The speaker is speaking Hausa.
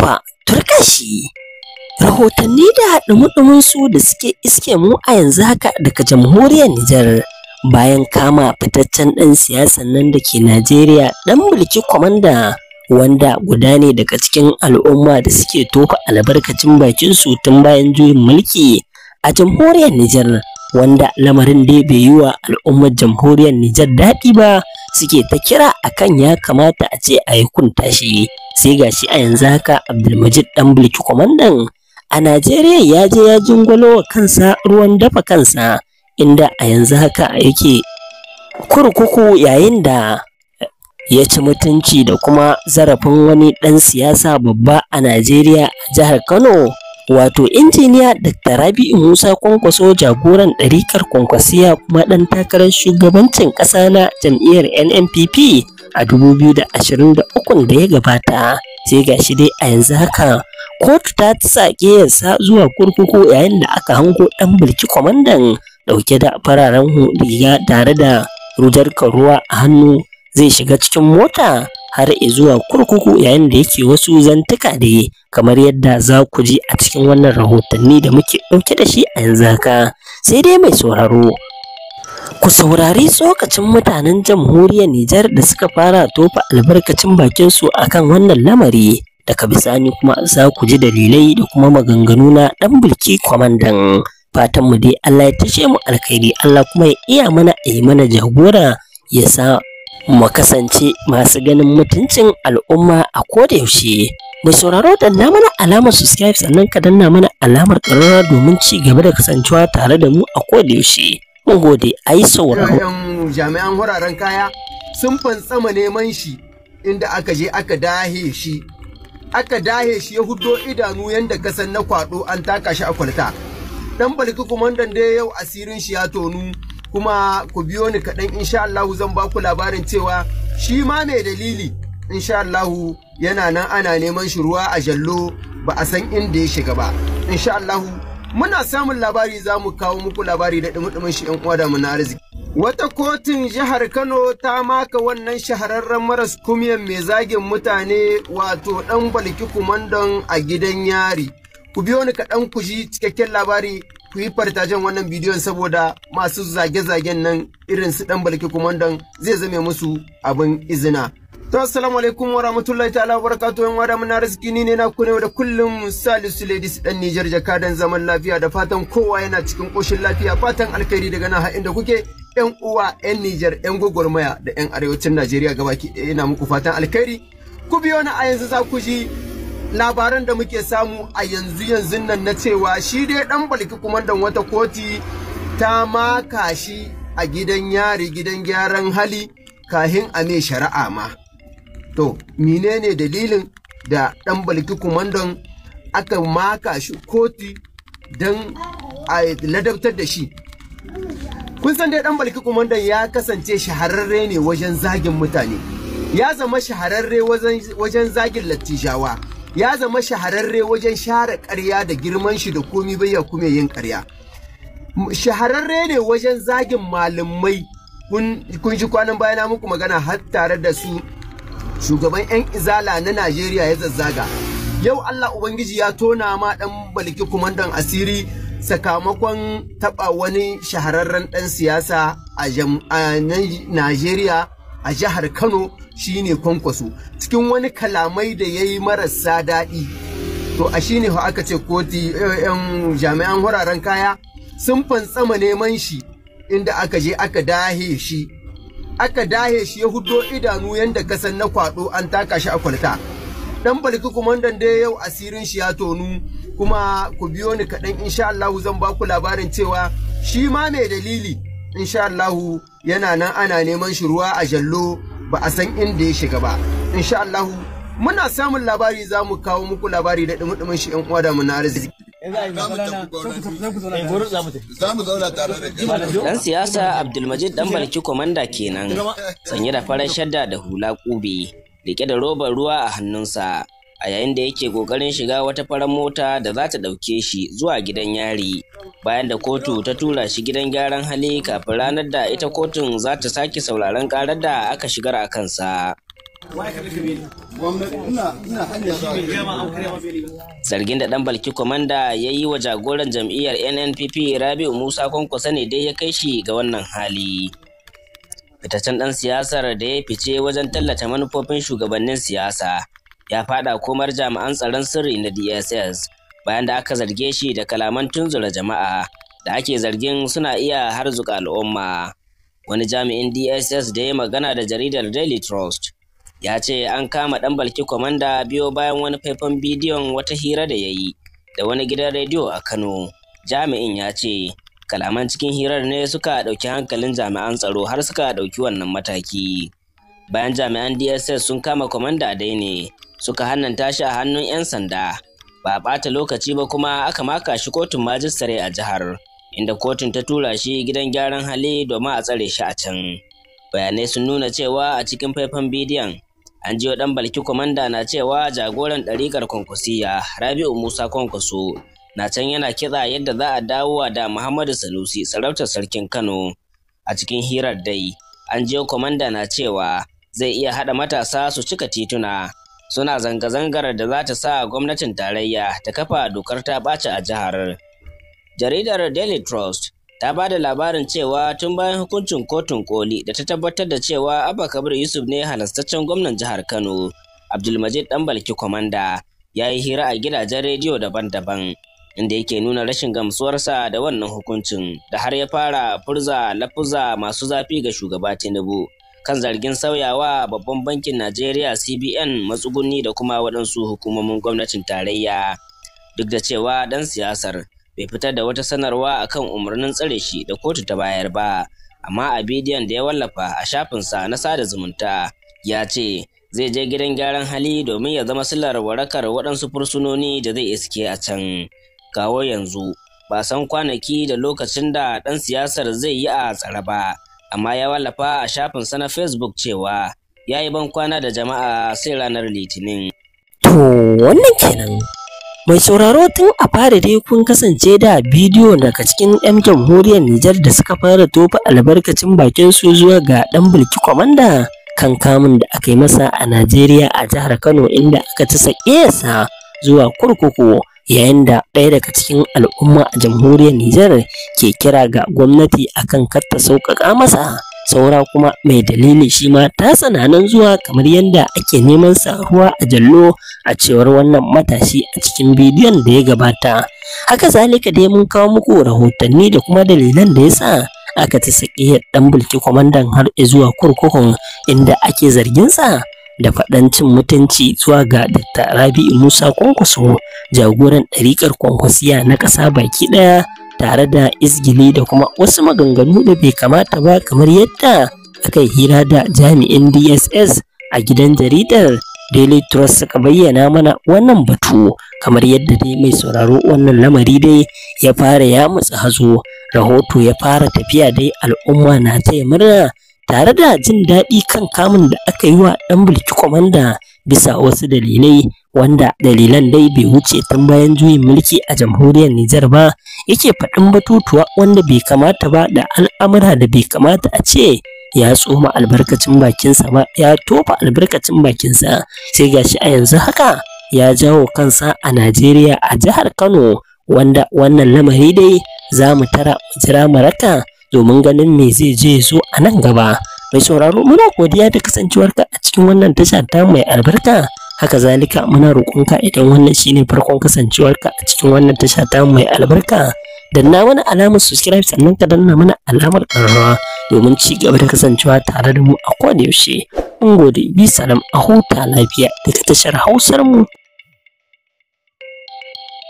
kuwa turkashi rahotanni da ɗumi su da suke iske mu a yanzu haka daga jamhuriyar Nijar bayan kama fitaccen ɗan siyasan nan da ke Najeriya ɗan mulki kwamanda wanda guda ne daga cikin al'umma da suke tofa albarkacin bakin su tun bayan juyin mulki a jamhuriyar Nijar wanda lamarin dai bai yi wa al'ummar jamhuriyar Nijar daɗi ba suke ta kira akan ya kamata a ce a yi kunta sai ga shi a yanzu haka abdulmajid dan bulki kwamandan a najeriya ya je ya jingwalo wa kansa ruwan dafa kansa inda a yanzu haka yake kurkuku yayin da ya ci mutunci da kuma zarafin wani ɗan siyasa babba a najeriya a jihar kano wato injiniya dr rabi'u musa kwankwaso jagoran ɗarikar kwankwasiya kuma ɗan takarar shugabancin ƙasa na jam'iyyar nnpp a 2023 da ya gabata sai ga shi dai a yanzu haka kotu ta sake yasa zuwa kurkuku yayin da aka hango dan bilki kwamandan dauke da fararen riga tare da rujar karuwa a hannu zai shiga cikin mota har zuwa kurkuku yayin da yake wasu zantuka da yi kamar yadda za ku ji a cikin wannan rahotanni da muke ɗauke da shi a yanzu haka sai dai mai sauraro ku saurari tsokacin mutanen jamhuriyar Nijar da suka fara tofa albarkacin bakinsu akan wannan lamari daga bisani kuma za ku ji dalilai da kuma maganganu na ɗan bulki kwamandan fatan mu dai Allah ya tashe mu alkhairi Allah kuma ya iya mana a yi mana jagora ya sa mu kasance masu ganin mutuncin al'umma a koda yaushe mu sauraro na mana alamar subscribe sannan ka danna mana alamar ƙararra domin ci gaba da kasancewa tare da mu a koda yaushe Mun a yi sauraro. jami'an wuraren kaya sun fantsama neman shi inda aka je aka dahe shi. Aka dahe shi ya hudo idanu yadda kasan na kwaɗo an taka shi a kwalta. Dan kuma kumandan da yau asirin shi ya tonu kuma ku biyo ni kaɗan insha Allahu zan baku labarin cewa shi ma mai dalili insha Allahu yana nan ana neman shi ruwa a jallo ba a san inda ya shiga ba. Insha Allahu muna samun labari za mu kawo muku labari da dumudumin shi uwa da na arziki wata kotun jihar kano ta maka wannan shahararren maras kumiyan mai zagin mutane wato ɗan balki kumandon a gidan yari ku biyo ni kaɗan ku ji cikakken labari ku yi fartajen wannan bidiyon saboda masu zage-zagen nan irin su ɗan balki kumandon zai zame musu abin izina To assalamu alaikum wa rahmatullahi ta'ala wa barakatuh yan wada muna rizki ni ne na ku ne da kullum Salisu Ladies dan Niger jakadan zaman lafiya da fatan kowa yana cikin koshin lafiya fatan alkhairi daga nan har inda kuke yan uwa yan Niger yan gogormaya da yan arewacin Najeriya gabaki ɗaya ina muku fatan alkhairi ku biyo ni a yanzu za ku ji labaran da muke samu a yanzu yanzu nan na cewa shi dai dan balki kumandan wata koti ta maka shi a gidan yari gidan gyaran hali kahin a mai shari'a ma to menene dalilin da ɗan balki kumandon aka maka shi koti don a ladabtar da shi kun san dai ɗan balki kumandon ya kasance shahararre ne wajen zagin mutane ya zama shahararre wajen zagin lattijawa ya zama shahararre wajen share karya da girman shi da komi bai ya kuma yin ƙarya shahararre ne wajen zagin malamai kun ji kwanan bayan muku magana har tare da su shugaban 'yan izala na Najeriya ya zazzaga. Yau Allah Ubangiji ya tona ma ɗan baliki kumandan asiri sakamakon taɓa wani shahararren ɗan siyasa a Najeriya a jihar Kano shine kwankwaso cikin wani kalamai da ya yi marasa daɗi. To a shine aka ce koti 'yan jami'an wuraren kaya sun fantsama neman shi inda aka je aka dahe shi aka dahe shi ya hudo idanu yanda kasan na kwado an taka shi a kwalta dan balki kumandan dai yau asirin shi ya tonu kuma ku biyo ni kaɗan insha Allahu zan ba ku labarin cewa shi ma mai dalili insha Allahu yana nan ana neman shi ruwa a jallo ba a san inda ya shiga ba insha Allahu muna samun labari za mu kawo muku labari da dumudumin shi yan uwa da mu na arziki Eh, eh, Dan siyasa Abdulmajid ɗan balki komanda kenan sanye da farar shadda da hula ƙubi, rike da robar ruwa a hannunsa a yayin da yake ƙoƙarin shiga wata farar mota da za ta ɗauke shi zuwa gidan yari bayan da kotu ta tura shi gidan gyaran hali kafin ranar da ita kotun za ta sake sauraron ƙarar da aka shigar a kansa. Zargin da ɗan balki kwamanda ya yi wa jagoran jam'iyyar NNPP Rabi'u Musa Kwankwasa ne dai ya kai shi ga wannan hali. Fitaccen ɗan siyasar da ya fice wajen tallata manufofin shugabannin siyasa ya faɗa komar jami'an tsaron sirri na DSS bayan da aka zarge shi da kalaman tunzura jama'a da ake zargin suna iya harzuka al'umma. Wani jami'in DSS da ya magana da jaridar Daily Trust. ya ce an kama ɗan balki kwamanda biyo bayan wani faifan bidiyon wata hira da ya yi da wani gidan rediyo a Kano. Jami'in ya ce kalaman cikin hirar ne suka ɗauki hankalin jami'an tsaro har suka ɗauki wannan mataki. Bayan jami'an DSS sun kama kwamanda dai ne suka hannanta shi a hannun 'yan sanda. Ba a ɓata lokaci ba kuma aka maka shi kotun majistare a jihar. inda kotun ta tura shi gidan gyaran hali domin a tsare shi a can. Bayanai sun nuna cewa a cikin faifan bidiyon an jiyo dan balki kwamanda na cewa jagoran ɗarikar kwankwasiya rabi'u musa kwankwaso na can yana kitsa yadda za a dawowa da muhammadu sanusi sarautar sarkin kano a cikin hirar dai an jiyo Komanda na cewa zai iya haɗa matasa su cika tituna suna zanga-zangar da za ta sa gwamnatin tarayya ta kafa dokar ta ɓaci a jihar jaridar daily trust ta ba da labarin cewa tun bayan hukuncin kotun koli da ta tabbatar da cewa abba kabir yusuf ne halastaccen gwamnan jihar kano abdulmajid dan balki kwamanda ya yi hira a gidajen rediyo daban-daban inda yake nuna rashin gamsuwarsa da wannan hukuncin da har ya fara furza lafuza masu zafi ga shugaba tinubu kan zargin sauyawa babban bankin najeriya cbn matsuguni da kuma waɗansu hukumomin gwamnatin tarayya duk da cewa ɗan siyasar bai fitar da wata sanarwa akan umarnin tsare shi da kotu ta bayar ba amma a bidiyon da ya wallafa a shafinsa na sada zumunta ya ce zai je gidan gyaran hali domin ya zama silar warakar waɗansu fursunoni da zai iske a can kawo yanzu ba san kwanaki da lokacin da ɗan siyasar zai yi a tsare ba amma ya wallafa a shafinsa na facebook cewa ya yi ban kwana da jama'a sai ranar litinin to wannan kenan Mai sauraro tun a fara dai kun kasance da bidiyo daga cikin 'yan jamhuriyar Nijar da suka fara tofa albarkacin bakin su zuwa ga ɗan Bilki Kwamanda kan kamun da aka yi masa a Najeriya a jihar Kano inda aka ci sa zuwa kurkuku yayin da ɗaya daga cikin al'umma a jamhuriyar Nijar ke kira ga gwamnati akan kar ta sauƙaƙa masa saura kuma mai dalili shi ma ta nan zuwa kamar yadda ake neman saruwa a jallo a cewar wannan matashi a cikin bidiyon da ya gabata haka zalika dai mun kawo muku rahotanni da kuma dalilan da ya sa aka ta saki ɗan bulki kwamandan har zuwa kurkukun inda ake zargin zarginsa da faɗan cin mutunci zuwa ga Dr. Rabi'u Musa Kwankwaso jagoran ɗariƙar Kwankwasiya na ƙasa baki ɗaya tare da izgili da kuma wasu maganganu da bai kamata ba kamar yadda aka hira da jami'in dss a gidan jaridar daily trust suka bayyana mana wannan batu kamar yadda dai mai sauraro wannan lamari dai ya fara ya mutsa hazo rahoto ya fara tafiya dai al'umma na yi murna tare da jin daɗi kan kamun da aka yi wa ɗan bilki kwamanda bisa wasu dalilai wanda dalilan dai bai wuce tun bayan juyin mulki a jamhuriyar Nijar ba yake faɗin batutuwa wanda bai kamata ba da al'amura da bai kamata a ce ya tsoma albarkacin bakinsa ba ya tofa albarkacin bakinsa sai gashi a yanzu haka ya jawo kansa a Najeriya a jihar Kano wanda wannan lamari dai za mu tara jira maraka domin ganin me zai je zo a nan gaba mai sauraro muna godiya da kasancewarka a cikin wannan tasha ta mai albarka haka zalika muna roƙonka idan wannan shine farkon kasancewarka a cikin wannan tasha ta mai albarka danna mana alamar subscribe sannan ka danna mana alamar ƙararrawa domin ci gaba da kasancewa tare da mu a kowane yaushe mun gode bi salam a huta lafiya daga tashar hausar mu